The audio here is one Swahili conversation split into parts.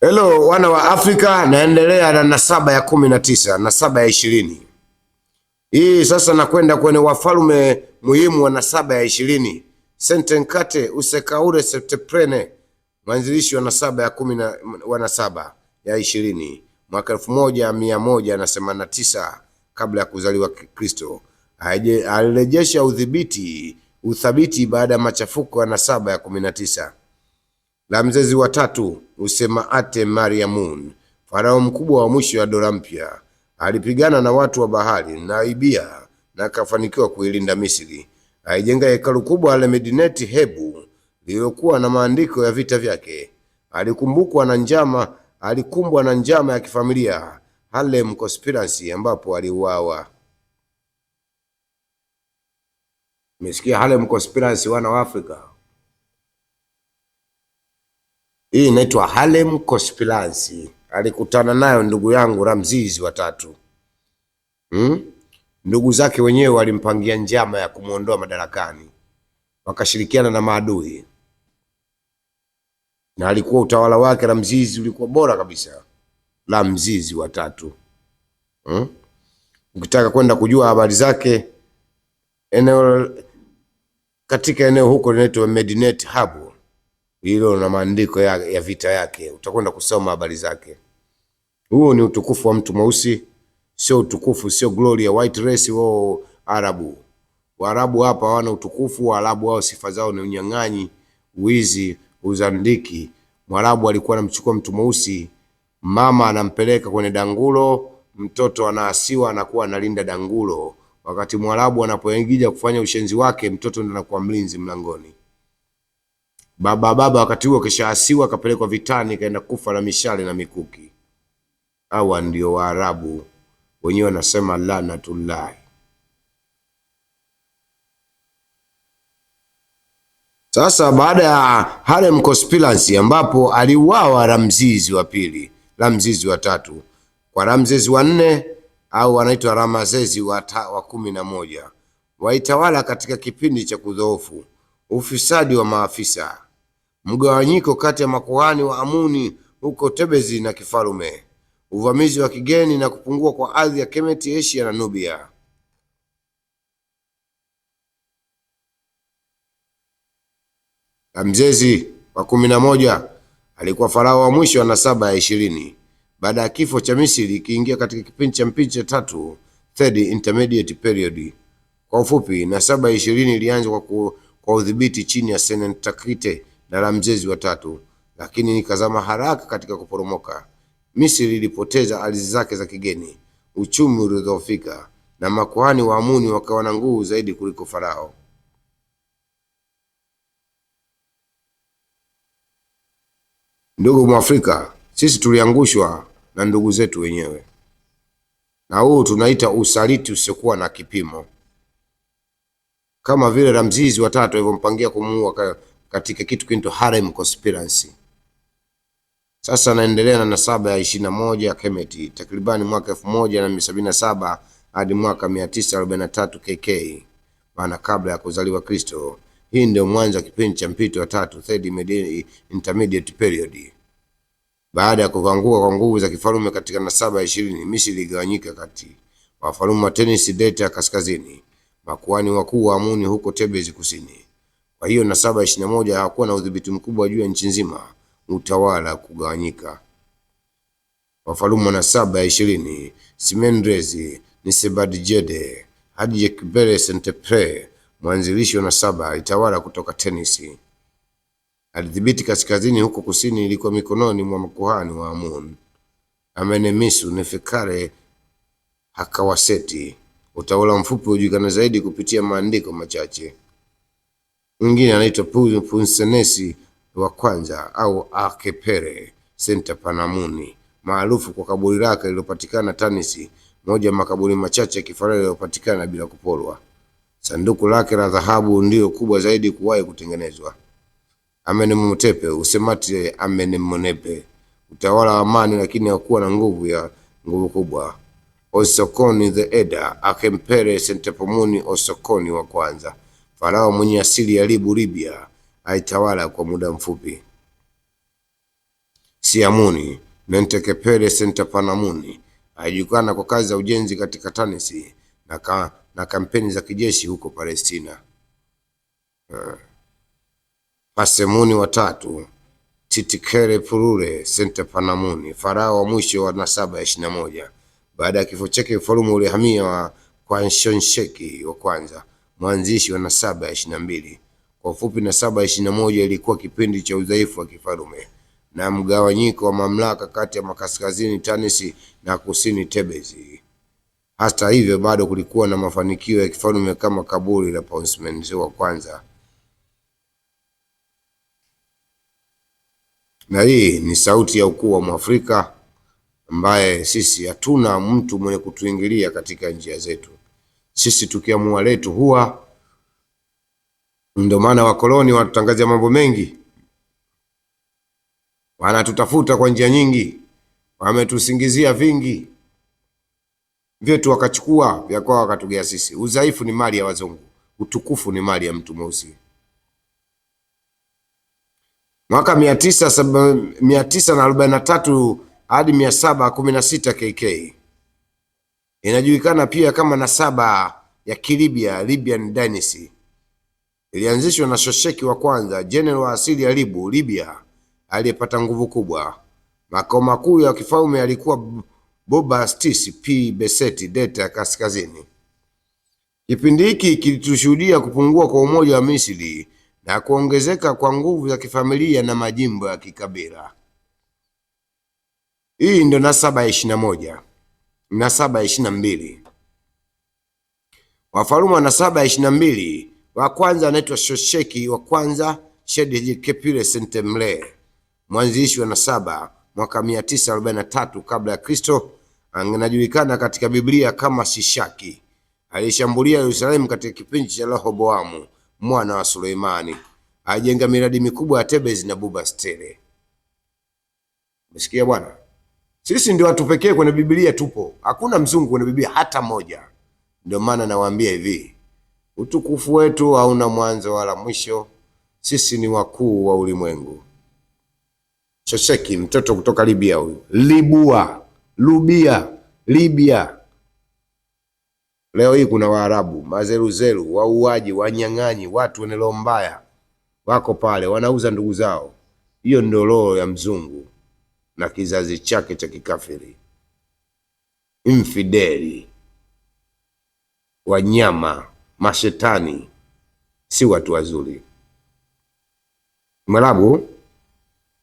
Hello wana wa Afrika, naendelea na nasaba ya kumi na tisa nasaba ya ishirini hii sasa, nakwenda kwenye wafalume muhimu wa nasaba ya ishirini Sentenkate Usekaure Septeprene, mwanzilishi wa nasaba ya kumi na, wa nasaba ya ishirini mwaka elfu moja mia moja na themanini na tisa kabla ya kuzaliwa Kristo, alirejesha udhibiti uthabiti baada ya machafuko ya nasaba ya kumi na tisa la mzezi wa tatu Usemaate Mariamun, farao mkubwa wa mwisho wa dola mpya, alipigana na watu wa bahari na Ibia na akafanikiwa kuilinda Misri. Alijenga hekalu kubwa la Medineti Hebu lililokuwa na maandiko ya vita vyake. Alikumbukwa na njama alikumbwa na njama ya kifamilia Harlem Conspiracy, ambapo aliuawa. Mesikia Harlem Conspiracy, wana wa Afrika. Hii inaitwa Harlem Conspiracy. Alikutana nayo ndugu yangu Ramzizi watatu hmm? Ndugu zake wenyewe walimpangia njama ya kumwondoa madarakani, wakashirikiana na maadui, na alikuwa utawala wake Ramzizi ulikuwa bora kabisa. Ramzizi watatu hmm? Ukitaka kwenda kujua habari zake eneo, katika eneo huko linaitwa Medinet Habu hilo na maandiko ya, ya vita yake, utakwenda kusoma habari zake. Huo ni utukufu wa mtu mweusi, sio utukufu, sio glory ya white race wao Arabu. Waarabu hapa hawana utukufu. Waarabu wao sifa zao ni unyang'anyi, wizi, uzandiki. Mwarabu alikuwa anamchukua mtu mweusi, mama anampeleka kwenye dangulo, mtoto anaasiwa, anakuwa analinda dangulo. Wakati mwarabu anapoingia kufanya ushenzi wake, mtoto ndiye anakuwa mlinzi mlangoni. Baba baba wakati huo kishaasiwa akapelekwa vitani, kaenda kufa na mishale na mikuki. Hawa ndio Waarabu wenyewe wanasema lanatullahi. Sasa baada ya Harem Conspiracy ambapo aliuawa Ramzizi wa pili, Ramzizi wa tatu kwa Ramzezi wa nne au wanaitwa Ramazezi wa, wa kumi na moja waitawala katika kipindi cha kudhoofu, ufisadi wa maafisa mgawanyiko kati ya makuhani wa Amuni huko Tebezi na kifalume, uvamizi wa kigeni na kupungua kwa ardhi ya Kemeti, Asia na Nubia. Ramzesi wa kumi na moja alikuwa farao wa mwisho wa nasaba ya ishirini baada ya kifo cha Misri, ikiingia katika kipindi cha mpito cha tatu, third intermediate period. Kwa ufupi, nasaba ya ishirini ilianza kwa, udhibiti chini ya Sennacherib na Ramsesi wa tatu, lakini nikazama haraka katika kuporomoka. Misri ilipoteza ardhi zake za kigeni, uchumi uliodhoofika, na makuhani wa Amuni wakawa na nguvu zaidi kuliko Farao. Ndugu Mwafrika, sisi tuliangushwa na ndugu zetu wenyewe, na huu tunaita usaliti usiokuwa na kipimo, kama vile Ramzizi watatu alivyompangia kumuua katika kitu kinaitwa Harem Conspiracy. Sasa anaendelea na nasaba ya 21 moja ya Kemet takribani mwaka elfu moja na saba hadi mwaka mia tisa tatu KK, maana kabla ya kuzaliwa Kristo. Hii ndio mwanzo wa kipindi cha mpito wa tatu, third intermediate period. Baada ya kukanguka kwa nguvu za kifalume katika nasaba ya ishirini, Misri iligawanyika kati wafalume wa Tenisi Delta ya kaskazini, makuani wakuu wa Amuni huko Tebezi kusini kwa hiyo nasaba ya ishirini na moja hawakuwa na udhibiti mkubwa juu ya nchi nzima, utawala kugawanyika. wafalumu wa nasaba ya ishirini Simendrezi nisebadjede hadi Jekbere Sentepre, mwanzilishi wa nasaba alitawala kutoka Tenisi. Alidhibiti kaskazini, huko kusini ilikuwa mikononi mwa makuhani wa Amun. Amenemisu Nefekare Hakawaseti, utawala mfupi hujulikana zaidi kupitia maandiko machache mwingine anaitwa Punsenesi wa kwanza au Akepere Senta Panamuni, maarufu kwa kaburi lake lililopatikana Tanisi, moja makaburi machache ya kifahari yaliyopatikana bila kupolwa. Sanduku lake la dhahabu ndiyo kubwa zaidi kuwahi kutengenezwa. Amenemtepe usemati Amenemonepe, utawala wa amani lakini hakuwa na nguvu ya nguvu kubwa. Osokoni the Eda Akempere Sentepomuni Osokoni wa kwanza Farao mwenye asili ya Libu Libya aitawala kwa muda mfupi. Siamuni Mentekepele Sentapanamuni aijukana kwa kazi za ujenzi katika Tanisi na, ka, na kampeni za kijeshi huko Palestina. Ha. Eh. Pasemuni watatu Titikere Purure Sentapanamuni farao wa mwisho wa nasaba ya ishirini na moja. Baada ya kifo chake, ufalume ulihamia wa Kwanshonsheki wa kwanza Maanzishi wa nasaba ya ishirini na mbili. Kwa ufupi, nasaba ya ishirini na moja ilikuwa kipindi cha udhaifu wa kifalume na mgawanyiko wa mamlaka kati ya makaskazini Tanisi na kusini Tebezi. Hata hivyo, bado kulikuwa na mafanikio ya kifalume kama kaburi la Ponsmenzi wa kwanza, na hii ni sauti ya ukuu wa Mwafrika ambaye sisi hatuna mtu mwenye kutuingilia katika njia zetu. Sisi tukiamua letu huwa ndio maana wakoloni wanatutangazia mambo mengi, wanatutafuta kwa njia nyingi, wametusingizia vingi, vyetu wakachukua, vya kwao wakatugea sisi. Udhaifu ni mali ya wazungu, utukufu ni mali ya mtu mweusi. Mwaka mia tisa na arobaini na tatu hadi mia saba kumi na sita KK Inajulikana pia kama nasaba ya Kilibya Libyan Dynasty. Ilianzishwa na Shosheki wa kwanza, general wa asili ya Libu, Libya, aliyepata nguvu kubwa. Makao makuu ya kifalme yalikuwa Bobastis P Beseti Delta kaskazini. Kipindi hiki kilitushuhudia kupungua kwa umoja wa Misri na kuongezeka kwa nguvu za kifamilia na majimbo ya kikabila. Hii ndio nasaba ya ishirini na moja mnasaba ya ishirini na mbili. Wafalme wa nasaba ya ishirini na mbili, wa kwanza anaitwa Shosheki wa kwanza Kepile Sentemle, mwanzilishi wa nasaba mwaka 943 kabla ya Kristo. Anajulikana katika Biblia kama Shishaki. Alishambulia Yerusalemu katika kipindi cha Rehoboamu mwana wa Suleimani. Alijenga miradi mikubwa ya tebezi na Bubastele. Umesikia bwana? Sisi ndio watu pekee kwenye Biblia tupo, hakuna mzungu kwenye Biblia hata moja. Ndio maana nawaambia hivi, utukufu wetu hauna mwanzo wala mwisho. Sisi ni wakuu wa ulimwengu. Shesheki mtoto kutoka Libya huyu, Libua, Lubia, Libya. Leo hii kuna Waarabu mazeruzeru, wauaji, wanyang'anyi, watu wenye roho mbaya wako pale, wanauza ndugu zao. Hiyo ndio roho ya mzungu na kizazi chake cha kikafiri, infideli, wanyama, mashetani, si watu wazuri. Mwarabu,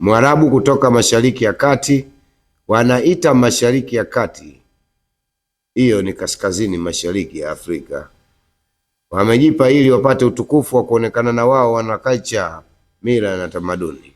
Mwarabu kutoka mashariki ya kati, wanaita mashariki ya kati, hiyo ni kaskazini mashariki ya Afrika. Wamejipa ili wapate utukufu wa kuonekana na wao wanakacha mira mila na tamaduni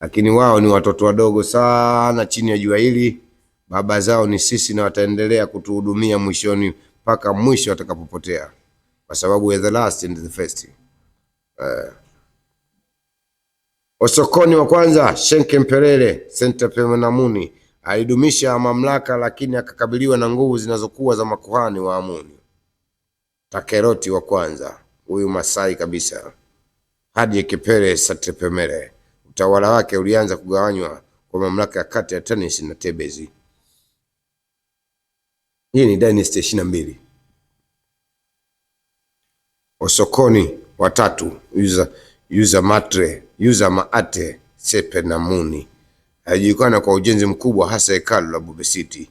lakini wao ni watoto wadogo sana chini ya jua hili. Baba zao ni sisi na wataendelea kutuhudumia mwishoni mpaka mwisho atakapopotea kwa sababu the last and the first. Uh, Osokoni wa kwanza Shenke Mperere Senta alidumisha mamlaka, lakini akakabiliwa na nguvu zinazokuwa za makuhani wa Amuni. Takeroti wa kwanza, huyu Masai kabisa, hadi Kipere Satepemere utawala wake ulianza kugawanywa kwa mamlaka ya kati ya Tanis na Tebes. Hii ni dynasty ishirini na mbili. Osokoni watatu matre yuza Maate muni alijulikana kwa ujenzi mkubwa hasa hekalu la Bube City.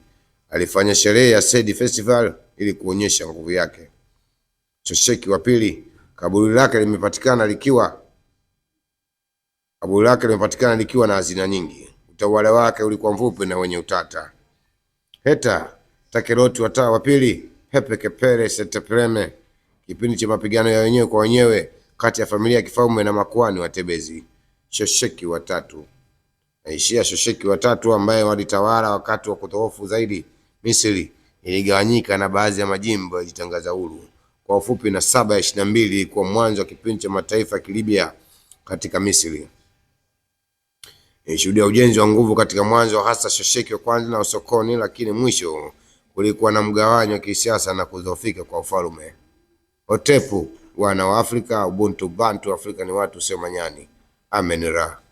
Alifanya sherehe ya Sedi Festival ili kuonyesha nguvu yake. Shosheki wa pili, kaburi lake limepatikana likiwa Kaburi lake limepatikana likiwa na hazina nyingi. Utawala wake ulikuwa mfupi na wenye utata. Heta Takeroti wa wa pili Hepekepere Setepreme, kipindi cha mapigano ya wenyewe kwa wenyewe kati ya familia ya kifalme na makuani Tebezi. Shosheki tatu naishia Shosheki tatu ambaye walitawala wakati wa kudhoofu zaidi. Misri iligawanyika na baadhi ya majimbo yajitangaza huru. Kwa ufupi, na saba ya ishirini na mbili ilikuwa mwanzo wa kipindi cha mataifa ya Kilibia katika Misri ilishuhudia ujenzi wa nguvu katika mwanzo, hasa shosheki wa kwanza na Usokoni, lakini mwisho kulikuwa na mgawanyo wa kisiasa na kudhoofika kwa ufalume. Otepu wana wa Afrika, Ubuntu Bantu, Afrika ni watu sio manyani. Amenra